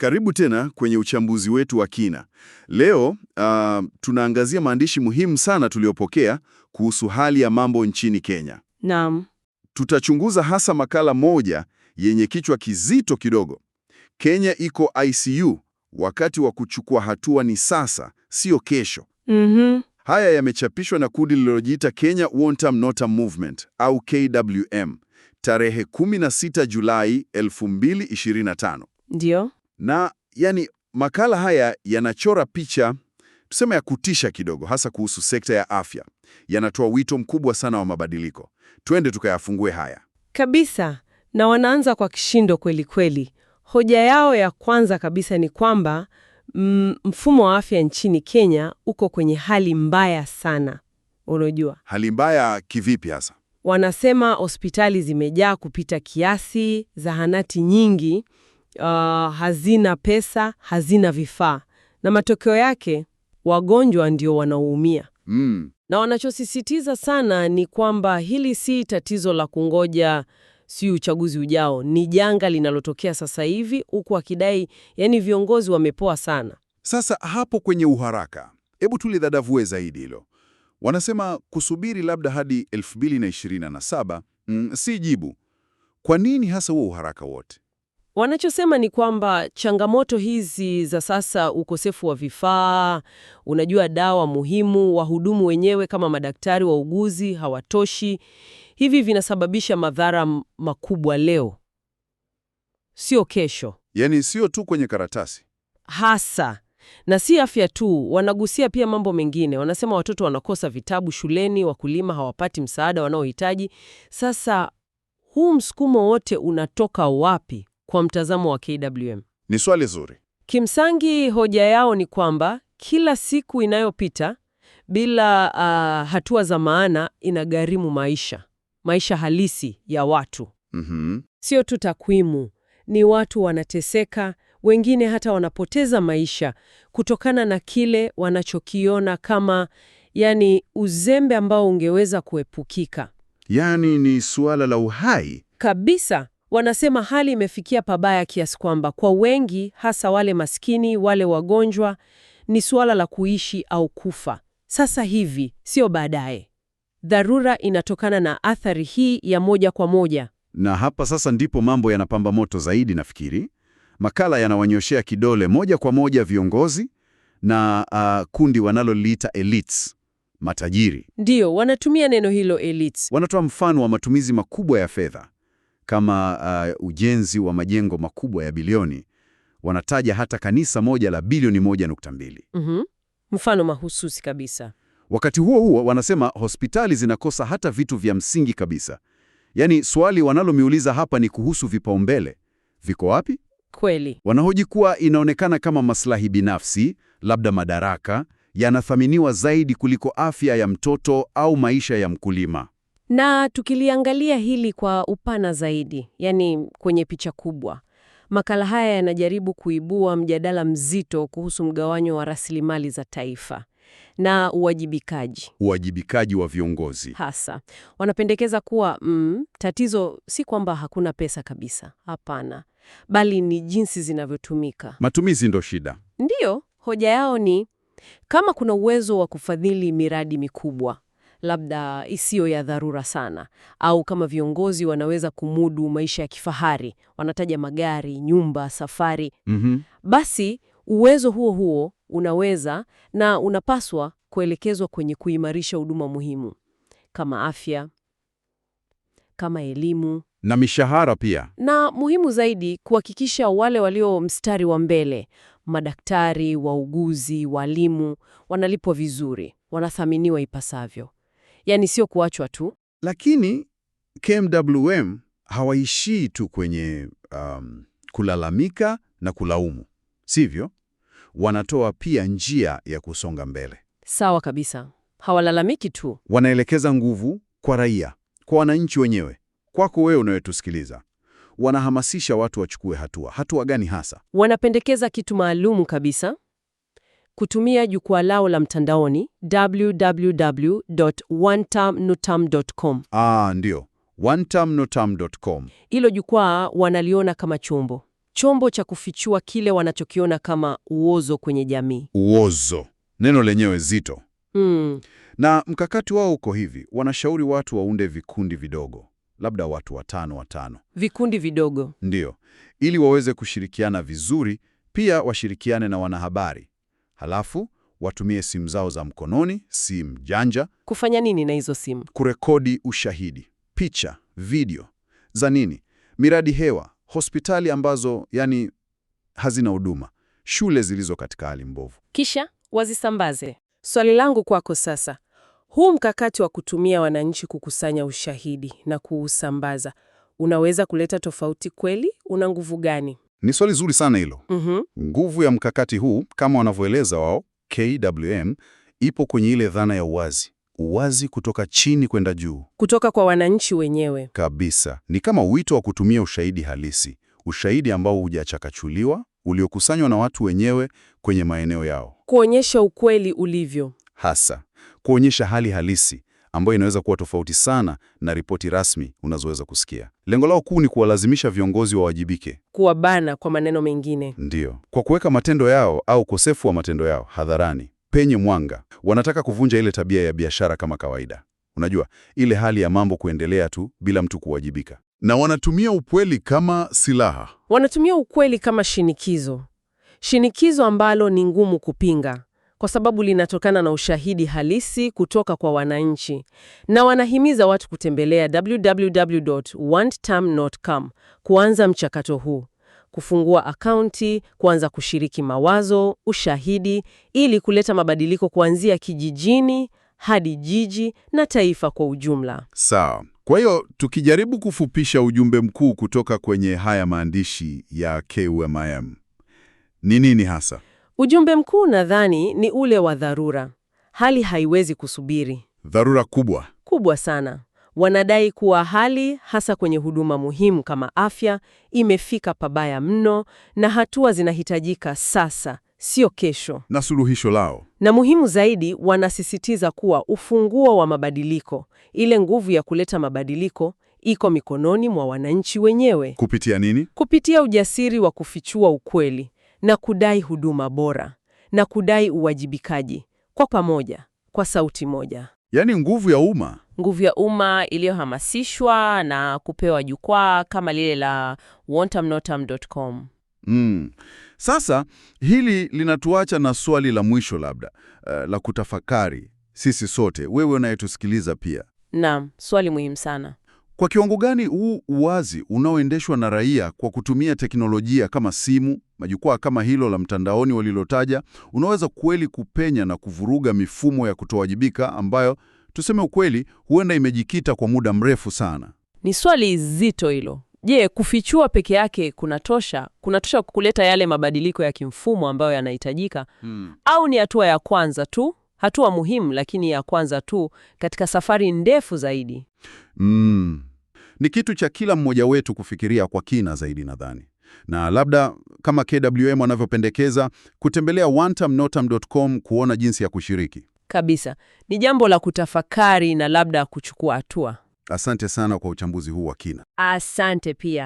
Karibu tena kwenye uchambuzi wetu wa kina. Leo uh, tunaangazia maandishi muhimu sana tuliyopokea kuhusu hali ya mambo nchini Kenya. Naam. Tutachunguza hasa makala moja yenye kichwa kizito kidogo. Kenya iko ICU, wakati wa kuchukua hatua ni sasa, sio kesho. Mm -hmm. Haya yamechapishwa na kundi lililojiita Kenya Wantam Notam Movement au KWM tarehe 16 Julai 2025. Ndio. Na yani, makala haya yanachora picha tuseme ya kutisha kidogo, hasa kuhusu sekta ya afya. Yanatoa wito mkubwa sana wa mabadiliko. Twende tukayafungue haya kabisa, na wanaanza kwa kishindo kweli kweli. Hoja yao ya kwanza kabisa ni kwamba mm, mfumo wa afya nchini Kenya uko kwenye hali mbaya sana. Unajua hali mbaya kivipi hasa? Wanasema hospitali zimejaa kupita kiasi, zahanati nyingi, uh, hazina pesa, hazina vifaa, na matokeo yake wagonjwa ndio wanaoumia mm. Na wanachosisitiza sana ni kwamba hili si tatizo la kungoja si uchaguzi ujao, ni janga linalotokea sasa hivi, huku akidai yani viongozi wamepoa sana. Sasa hapo kwenye uharaka, hebu tulidadavue zaidi hilo. Wanasema kusubiri labda hadi 2027 mm, si jibu. Kwa nini hasa huo uharaka wote? Wanachosema ni kwamba changamoto hizi za sasa, ukosefu wa vifaa, unajua, dawa muhimu, wahudumu wenyewe kama madaktari, wauguzi hawatoshi, hivi vinasababisha madhara makubwa leo, sio kesho. Yaani sio tu kwenye karatasi hasa na si afya tu, wanagusia pia mambo mengine. Wanasema watoto wanakosa vitabu shuleni, wakulima hawapati msaada wanaohitaji. Sasa huu msukumo wote unatoka wapi? kwa mtazamo wa KWM? Ni swali zuri. Kimsingi hoja yao ni kwamba kila siku inayopita bila uh, hatua za maana inagharimu maisha, maisha halisi ya watu mm -hmm. Sio tu takwimu, ni watu wanateseka, wengine hata wanapoteza maisha kutokana na kile wanachokiona kama yani uzembe ambao ungeweza kuepukika. Yaani ni suala la uhai kabisa. Wanasema hali imefikia pabaya kiasi kwamba kwa wengi, hasa wale maskini, wale wagonjwa, ni suala la kuishi au kufa sasa hivi, sio baadaye. Dharura inatokana na athari hii ya moja kwa moja, na hapa sasa ndipo mambo yanapamba moto zaidi. Nafikiri makala yanawanyoshea kidole moja kwa moja viongozi na uh, kundi wanaloliita elites matajiri. Ndiyo, wanatumia neno hilo elites. Wanatoa mfano wa matumizi makubwa ya fedha kama uh, ujenzi wa majengo makubwa ya bilioni. Wanataja hata kanisa moja la bilioni moja nukta mbili. Mm -hmm. Mfano mahususi kabisa. Wakati huo huo wanasema hospitali zinakosa hata vitu vya msingi kabisa. Yaani swali wanalomiuliza hapa ni kuhusu vipaumbele. Viko wapi? Kweli. Wanahoji kuwa inaonekana kama maslahi binafsi, labda madaraka, yanathaminiwa zaidi kuliko afya ya mtoto au maisha ya mkulima. Na tukiliangalia hili kwa upana zaidi, yani kwenye picha kubwa, makala haya yanajaribu kuibua mjadala mzito kuhusu mgawanyo wa rasilimali za taifa na uwajibikaji uwajibikaji wa viongozi hasa. Wanapendekeza kuwa mm, tatizo si kwamba hakuna pesa kabisa, hapana, bali ni jinsi zinavyotumika. Matumizi ndo shida. Ndiyo, hoja yao ni kama kuna uwezo wa kufadhili miradi mikubwa labda isiyo ya dharura sana, au kama viongozi wanaweza kumudu maisha ya kifahari, wanataja magari, nyumba, safari mm -hmm. Basi uwezo huo huo unaweza na unapaswa kuelekezwa kwenye kuimarisha huduma muhimu kama afya, kama elimu na mishahara pia, na muhimu zaidi kuhakikisha wale walio mstari wa mbele, madaktari, wauguzi, walimu, wanalipwa vizuri, wanathaminiwa ipasavyo yani sio kuachwa tu. Lakini KMWM hawaishii tu kwenye um, kulalamika na kulaumu, sivyo? Wanatoa pia njia ya kusonga mbele. Sawa kabisa, hawalalamiki tu, wanaelekeza nguvu kwa raia, kwa wananchi wenyewe, kwako wewe unayetusikiliza. Wanahamasisha watu wachukue hatua. Hatua gani hasa? Wanapendekeza kitu maalumu kabisa kutumia jukwaa lao la mtandaoni www.onetermnotam.com. Ah, ndio onetermnotam.com. Hilo jukwaa wanaliona kama chombo chombo cha kufichua kile wanachokiona kama uozo kwenye jamii. Uozo, neno lenyewe zito. Mm. Na mkakati wao uko hivi, wanashauri watu waunde vikundi vidogo, labda watu watano watano, vikundi vidogo, ndiyo, ili waweze kushirikiana vizuri, pia washirikiane na wanahabari Halafu watumie simu zao za mkononi, simu janja. Kufanya nini na hizo simu? Kurekodi ushahidi, picha, video za nini? Miradi hewa, hospitali ambazo yani hazina huduma, shule zilizo katika hali mbovu, kisha wazisambaze. Swali langu kwako sasa, huu mkakati wa kutumia wananchi kukusanya ushahidi na kuusambaza unaweza kuleta tofauti kweli? Una nguvu gani? Ni swali zuri sana hilo. mm -hmm. Nguvu ya mkakati huu kama wanavyoeleza wao KWM ipo kwenye ile dhana ya uwazi, uwazi kutoka chini kwenda juu, kutoka kwa wananchi wenyewe kabisa. Ni kama wito wa kutumia ushahidi halisi, ushahidi ambao hujachakachuliwa, uliokusanywa na watu wenyewe kwenye maeneo yao, kuonyesha ukweli ulivyo hasa, kuonyesha hali halisi ambayo inaweza kuwa tofauti sana na ripoti rasmi unazoweza kusikia. Lengo lao kuu ni kuwalazimisha viongozi wawajibike, kuwabana kwa maneno mengine, ndiyo, kwa kuweka matendo yao au ukosefu wa matendo yao hadharani penye mwanga. Wanataka kuvunja ile tabia ya biashara kama kawaida, unajua ile hali ya mambo kuendelea tu bila mtu kuwajibika, na wanatumia ukweli kama silaha, wanatumia ukweli kama shinikizo, shinikizo ambalo ni ngumu kupinga kwa sababu linatokana na ushahidi halisi kutoka kwa wananchi, na wanahimiza watu kutembelea www.oneterm.com kuanza mchakato huu, kufungua akaunti, kuanza kushiriki mawazo, ushahidi, ili kuleta mabadiliko kuanzia kijijini hadi jiji na taifa kwa ujumla. Sawa. Kwa hiyo tukijaribu kufupisha ujumbe mkuu kutoka kwenye haya maandishi ya KUMIM, ni nini hasa? Ujumbe mkuu nadhani ni ule wa dharura. Hali haiwezi kusubiri. Dharura kubwa kubwa sana. Wanadai kuwa hali hasa kwenye huduma muhimu kama afya imefika pabaya mno, na hatua zinahitajika sasa, sio kesho. Na suluhisho lao, na muhimu zaidi, wanasisitiza kuwa ufunguo wa mabadiliko, ile nguvu ya kuleta mabadiliko iko mikononi mwa wananchi wenyewe. Kupitia nini? Kupitia ujasiri wa kufichua ukweli, na kudai huduma bora na kudai uwajibikaji kwa pamoja, kwa sauti moja. Yaani nguvu ya umma, nguvu ya umma iliyohamasishwa na kupewa jukwaa kama lile la wantamnotam.com. Mm. Sasa hili linatuacha na swali la mwisho labda, uh, la kutafakari sisi sote, wewe unayetusikiliza pia. Naam, swali muhimu sana. Kwa kiwango gani huu uwazi unaoendeshwa na raia kwa kutumia teknolojia kama simu, majukwaa kama hilo la mtandaoni walilotaja, unaweza kweli kupenya na kuvuruga mifumo ya kutowajibika ambayo tuseme ukweli, huenda imejikita kwa muda mrefu sana. Ni swali zito hilo. Je, kufichua peke yake kunatosha? Kunatosha kuleta yale mabadiliko ya kimfumo ambayo yanahitajika? Hmm. Au ni hatua ya kwanza tu, hatua muhimu lakini ya kwanza tu katika safari ndefu zaidi? Hmm. Ni kitu cha kila mmoja wetu kufikiria kwa kina zaidi nadhani na labda kama KWM wanavyopendekeza kutembelea wantamnotam.com kuona jinsi ya kushiriki. Kabisa, ni jambo la kutafakari na labda kuchukua hatua. Asante sana kwa uchambuzi huu wa kina. Asante pia.